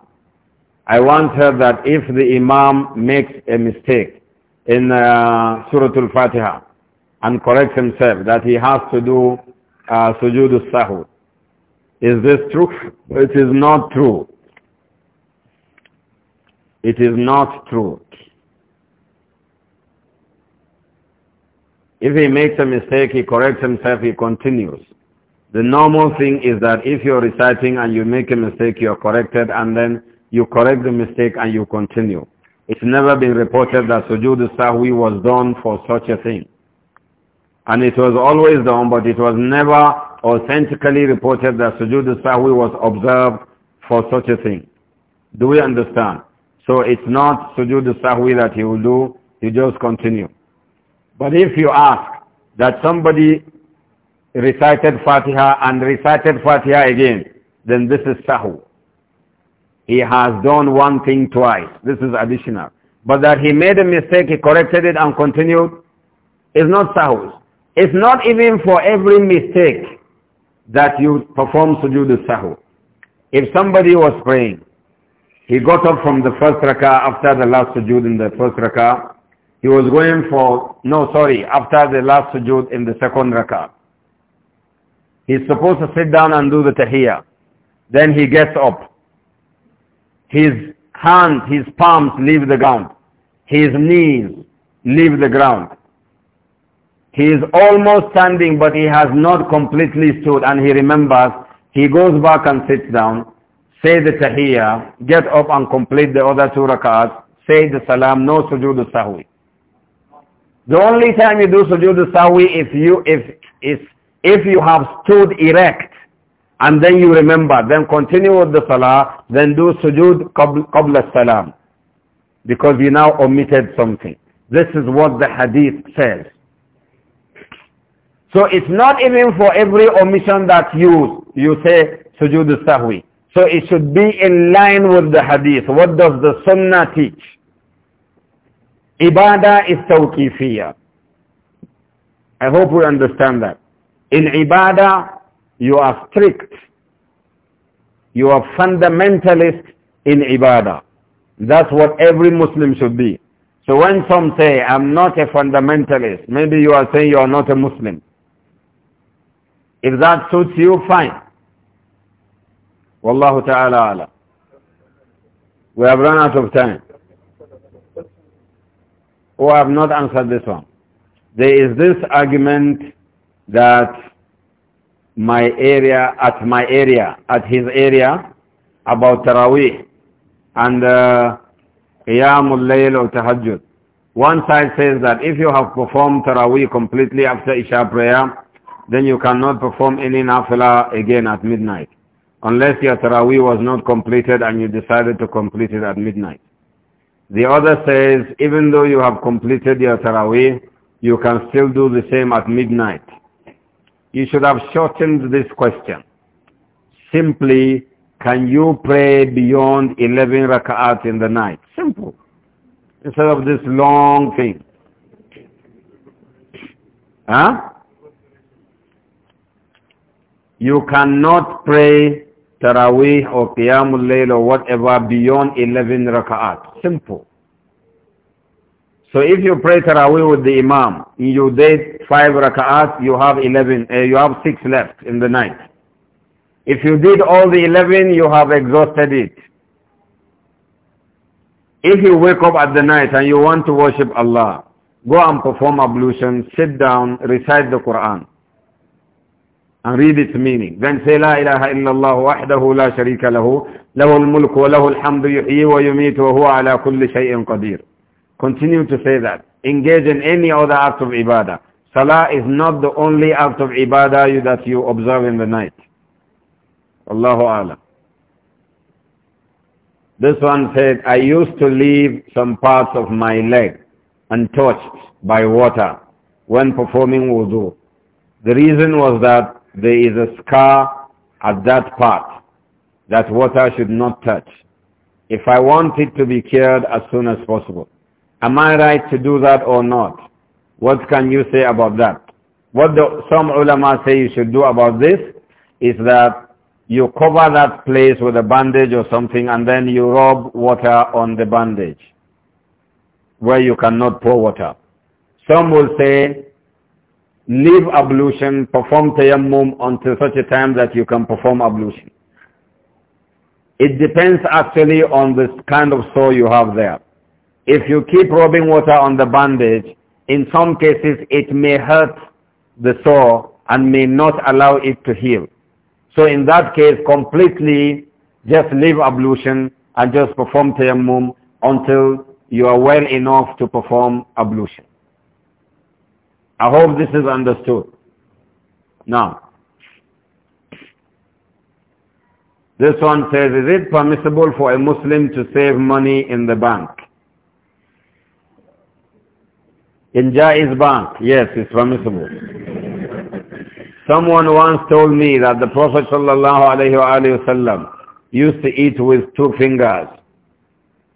I want her that if the imam makes a mistake, in uh, Surah Al-Fatiha and corrects himself that he has to do uh, sujood al Is this true? It is not true. It is not true. If he makes a mistake, he corrects himself, he continues. The normal thing is that if you're reciting and you make a mistake, you're corrected and then you correct the mistake and you continue. It's never been reported that sujood sahwi was done for such a thing. And it was always done, but it was never authentically reported that sujood sahwi was observed for such a thing. Do we understand? So it's not sujood sahwi that he will do, he just continue. But if you ask that somebody recited Fatiha and recited Fatiha again, then this is sahwi. He has done one thing twice. This is additional. But that he made a mistake, he corrected it and continued, is not sahus. It's not even for every mistake that you perform sujood sahu. If somebody was praying, he got up from the first rakah after the last sujood in the first rakah, he was going for, no sorry, after the last sujood in the second rakah. He's supposed to sit down and do the tahiyyah. Then he gets up. His hands, his palms leave the ground. His knees leave the ground. He is almost standing, but he has not completely stood, and he remembers. He goes back and sits down, say the tahiyyah, get up and complete the other two rak'ahs, say the salam, no sujood sahwi. The only time you do sujood sahwi if you if is if you have stood erect and then you remember, then continue with the salah, then do sujood qabla salam. Because you now omitted something. This is what the hadith says. So it's not even for every omission that you, you say sujood sahwi. So it should be in line with the hadith. What does the sunnah teach? Ibadah is tawqifiyah. I hope we understand that. In ibadah, you are strict. You are fundamentalist in ibadah. That's what every Muslim should be. So when some say, I'm not a fundamentalist, maybe you are saying you are not a Muslim. If that suits you, fine. Wallahu ta'ala ala. We have run out of time. Oh, I have not answered this one. There is this argument that my area, at my area, at his area, about Taraweeh and uh, Qiyamul uh, Layl or Tahajjud. One side says that if you have performed Taraweeh completely after Isha prayer, then you cannot perform any nafila again at midnight, unless your Taraweeh was not completed and you decided to complete it at midnight. The other says, even though you have completed your Taraweeh, you can still do the same at midnight you should have shortened this question. Simply, can you pray beyond 11 rakaat in the night? Simple. Instead of this long thing. Huh? You cannot pray Taraweeh or Qiyamul Layl or whatever beyond 11 rakaat. Simple. So if you pray Taraweeh with the Imam, you did five rak'ahs, you have 11, uh, you have six left in the night. If you did all the 11, you have exhausted it. If you wake up at the night and you want to worship Allah, go and perform ablution, sit down, recite the Quran, and read its meaning. Then say La ilaha illallah wahdahu la sharika lahu, lahu al-mulku wa lahu al-hamdu yuhyi wa yumitu wa huwa ala kulli shay'in qadir. Continue to say that. Engage in any other act of ibadah. Salah is not the only act of ibadah that you observe in the night. Allahu Alam. This one said, I used to leave some parts of my leg untouched by water when performing wudu. The reason was that there is a scar at that part that water should not touch. If I want it to be cured as soon as possible. Am I right to do that or not? What can you say about that? What some ulama say you should do about this is that you cover that place with a bandage or something and then you rub water on the bandage where you cannot pour water. Some will say leave ablution, perform tayammum until such a time that you can perform ablution. It depends actually on the kind of soil you have there if you keep rubbing water on the bandage, in some cases it may hurt the sore and may not allow it to heal. So in that case, completely just leave ablution and just perform tayammum until you are well enough to perform ablution. I hope this is understood. Now, this one says, is it permissible for a Muslim to save money in the bank? Inja Jaiz Bank, yes, it's permissible. Someone once told me that the Prophet ﷺ used to eat with two fingers,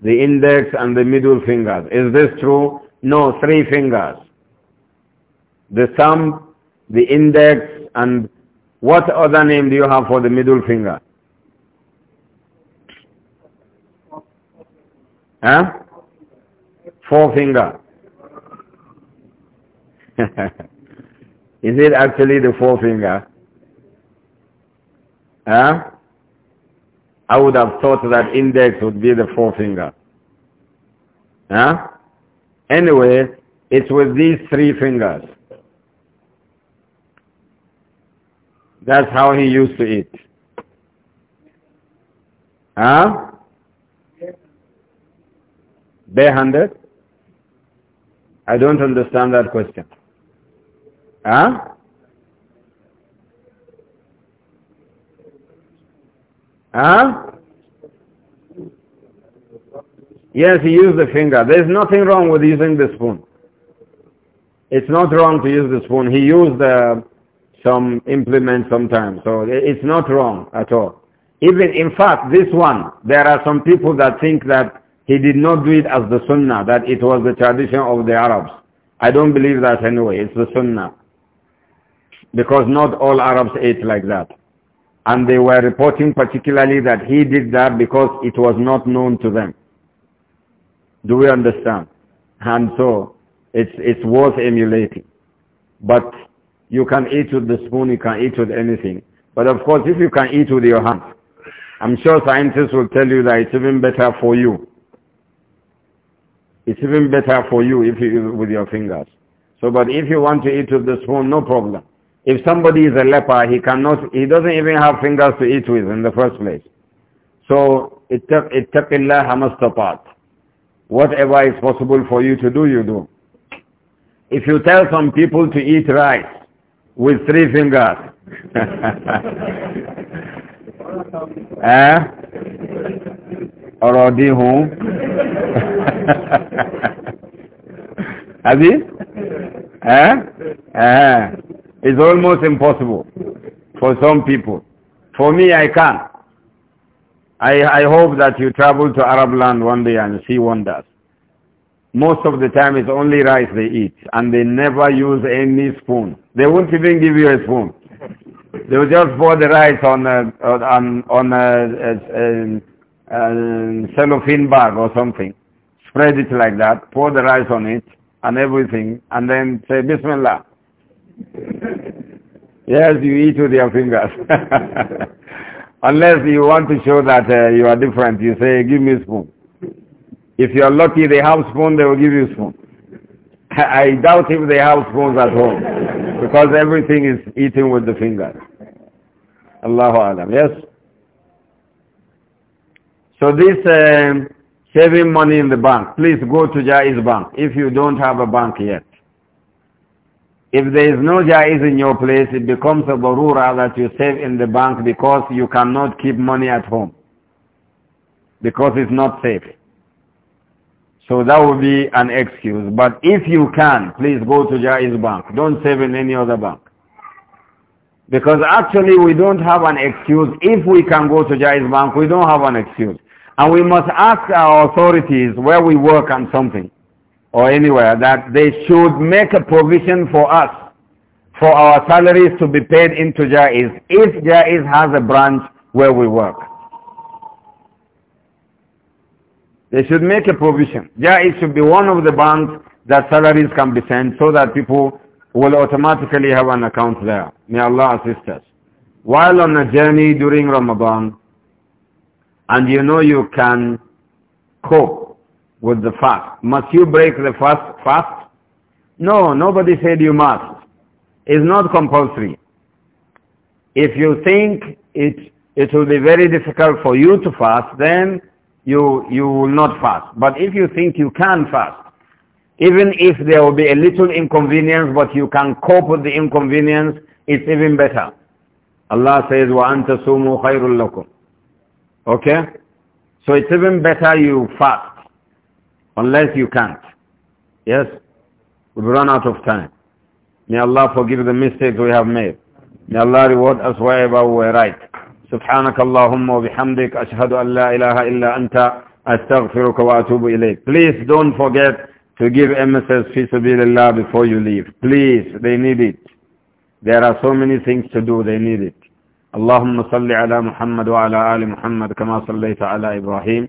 the index and the middle fingers. Is this true? No, three fingers. The thumb, the index, and what other name do you have for the middle finger? Huh? Four finger. *laughs* Is it actually the forefinger? Huh? I would have thought that index would be the forefinger. Huh? Anyway, it's with these three fingers. That's how he used to eat. Huh? Bare-handed? I don't understand that question ah ah yes you use the finger there's nothing wrong with using the spoon it's not wrong to use the spoon he used uh, some implement sometimes so it's not wrong at all even in fact this one there are some people that think that he did not do it as the sunnah that it was the tradition of the arabs i don't believe that anyway it's the sunnah because not all Arabs ate like that. And they were reporting particularly that he did that because it was not known to them. Do we understand? And so it's, it's worth emulating. But you can eat with the spoon, you can eat with anything. But of course, if you can eat with your hands, I'm sure scientists will tell you that it's even better for you. It's even better for you if you eat with your fingers. So, but if you want to eat with the spoon, no problem. If somebody is a leper, he cannot, he doesn't even have fingers to eat with in the first place. So, it ittaqillah hamastapat. Whatever is possible for you to do, you do. If you tell some people to eat rice with three fingers, *laughs* eh? Or who? Have you? Eh? Eh? It's almost impossible for some people. For me, I can. I, I hope that you travel to Arab land one day and see wonders. Most of the time it's only rice they eat and they never use any spoon. They won't even give you a spoon. They will just pour the rice on a, on, on a, a, a, a cellophane bag or something. Spread it like that, pour the rice on it and everything and then say Bismillah. *laughs* yes, you eat with your fingers. *laughs* Unless you want to show that uh, you are different, you say, give me a spoon. If you are lucky they have spoon, they will give you spoon. *laughs* I doubt if they have spoons at home because everything is eaten with the fingers. Allahu Alam. Yes? So this um, saving money in the bank, please go to Jai's bank if you don't have a bank yet. If there is no jais in your place, it becomes a barura that you save in the bank because you cannot keep money at home. Because it's not safe. So that would be an excuse. But if you can, please go to Jaiz Bank. Don't save in any other bank. Because actually we don't have an excuse. If we can go to Jaiz Bank, we don't have an excuse. And we must ask our authorities where we work and something or anywhere that they should make a provision for us for our salaries to be paid into Jaiz if Jaiz has a branch where we work. They should make a provision. Jaiz should be one of the banks that salaries can be sent so that people will automatically have an account there. May Allah assist us. While on a journey during Ramadan, and you know you can cope with the fast. Must you break the fast? fast? No, nobody said you must. It's not compulsory. If you think it, it will be very difficult for you to fast, then you, you will not fast. But if you think you can fast, even if there will be a little inconvenience, but you can cope with the inconvenience, it's even better. Allah says, وَأَنْتَ سُومُوا خَيْرٌ لَكُمْ Okay? So it's even better you fast. Unless you can't. Yes? We've run out of time. May Allah forgive the mistakes we have made. May Allah reward us wherever we were right. سبحانك اللهم وبحمدك أشهد أن لا إله إلا أنت أستغفرك وأتوب إليك. Please don't forget to give MSS fi sabilillah before you leave. Please, they need it. There are so many things to do, they need it. اللهم صل على محمد وعلى آل محمد كما صليت على إبراهيم